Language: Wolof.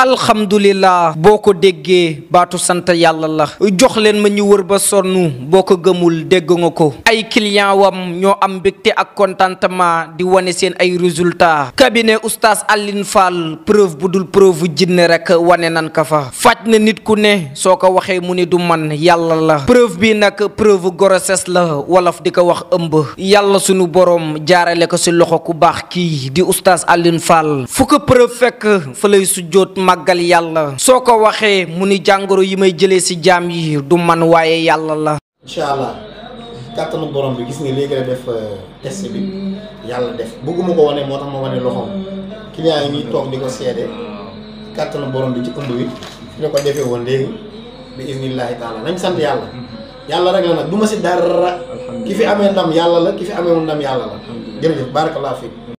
alhamdulillah boo ko déggee baatu sant yàlla la jox leen ma ñu wër ba sonn boo ko gëmul dégg nga ko ay client wam ñoo am mbégte ak contentement di wane seen ay résultat kabine oustaz Alioune Fall preuve bu dul preuve jinne rek wane nan ko fa faj na nit ku ne soo ko waxee mu ni du man yàlla la preuve bi nag preuve grossesse la wolof di ko wax ëmb yàlla sunu borom jaarale ko ci loxo ku baax kii di oustaz Alioune fu ko preuve fekk fa lay sujjoot magal yalla soko waxe muni jangoro ni jàngoro yi may jëlee si jaam yi du man waye yalla la inshallah katanu borom bi gis nga legui la def euh, test bi yalla def bëgguma ko woné motax tax ma wane loxoom client yi ni tok diko sédé katanu borom bi ci ëndu wi fi la ko defee woon léegi bi iznillahi taala nañ sant yalla yalla rek la nak duma ci dara ki fi amé ndam yalla la ki fi amé ndam yalla la jëf barakallahu fiik